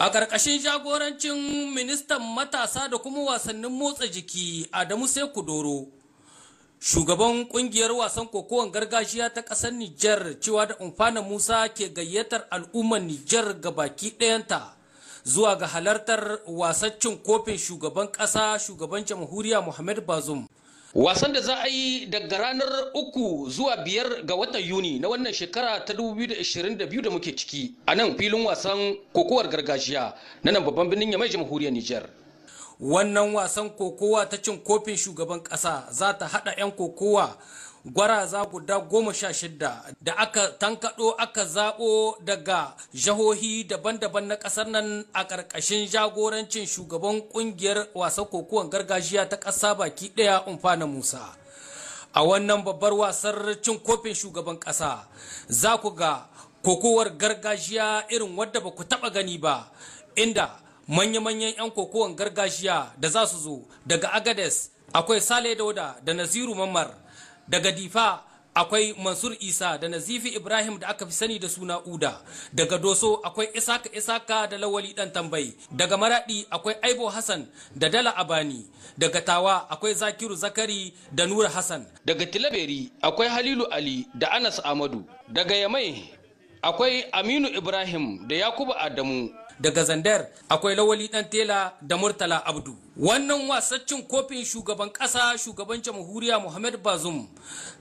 A ƙarƙashin jagorancin ministan matasa da kuma wasannin motsa jiki Adamu sai Doro, shugaban ƙungiyar wasan kokowan gargajiya ta ƙasar Nijar cewa da umfana Musa ke gayyatar al'ummar Nijar ga baki ɗayanta zuwa ga halartar wasaccin kofin shugaban ƙasa shugaban jamhuriya Muhammad Bazum wasan da za a yi daga ranar 3 zuwa 5 ga watan yuni na wannan shekara ta 2022 da muke ciki a nan filin wasan kokowar gargajiya na nan babban birnin yamai jamhuriyar niger wannan wasan kokowa ta cin kofin shugaban ƙasa za ta haɗa 'yan kokowa gwaraza guda goma sha shidda da aka tankaɗo aka zaɓo daga jahohi daban-daban na ƙasar nan a ƙarƙashin jagorancin shugaban ƙungiyar wasan kokowar gargajiya ta ƙasa baki ɗaya umfana musa a wannan babbar wasar cin kofin shugaban ƙasa za ku ga kokowar gargajiya irin wadda ba ku taɓa gani ba inda manya-manyan 'yan kokowar gargajiya da za su zo daga agades akwai sale dauda da naziru mamar daga difa akwai mansur isa da nazifi ibrahim da aka fi sani da suna uda daga doso akwai isaka isaka da lawali dan tambayi daga maradi akwai aibo hassan da dala abani daga tawa akwai zakiru zakari da nura hassan daga tilaberi akwai halilu ali da anas amadu daga yamai akwai aminu ibrahim da yakubu adamu daga Zandar akwai Lawali Dan Tela da Murtala Abdu. Wannan wasan kofin shugaban ƙasa shugaban jamhuriya Muhammad Bazum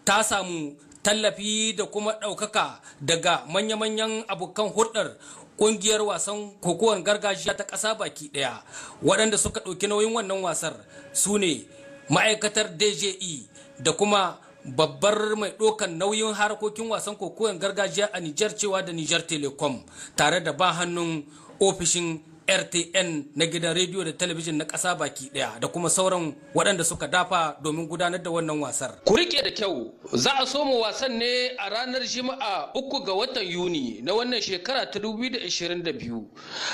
ta samu tallafi da kuma ɗaukaka daga manya-manyan abokan hulɗar ƙungiyar wasan kokowar gargajiya ta ƙasa baki ɗaya waɗanda suka ɗauki nauyin wannan wasar su ne ma'aikatar dje da kuma babbar mai ɗaukar nauyin harkokin wasan kokoyin gargajiya a Nijar cewa da Nijar Telecom tare da ba hannun ofishin rtn na gidan rediyo da talabijin na ƙasa baki ɗaya da kuma sauran waɗanda suka dafa domin gudanar da wannan wasar. ku rike da kyau za a soma wasan ne a ranar juma'a uku ga watan yuni na wannan shekara ta 2022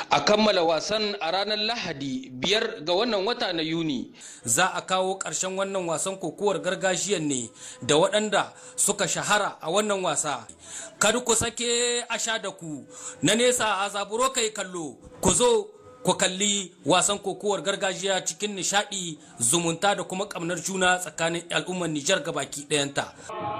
a kammala wasan a ranar lahadi biyar ga wannan wata na yuni za a kawo ƙarshen wannan wasan kokowar gargajiyan ne da waɗanda suka shahara a wannan wasa kada ku sake a sha da ku na nesa a zaburo kai kallo ku zo ku kalli wasan kokowar gargajiya cikin nishaɗi zumunta da kuma ƙamnar juna tsakanin al'ummar Nijar gabaki ɗayanta.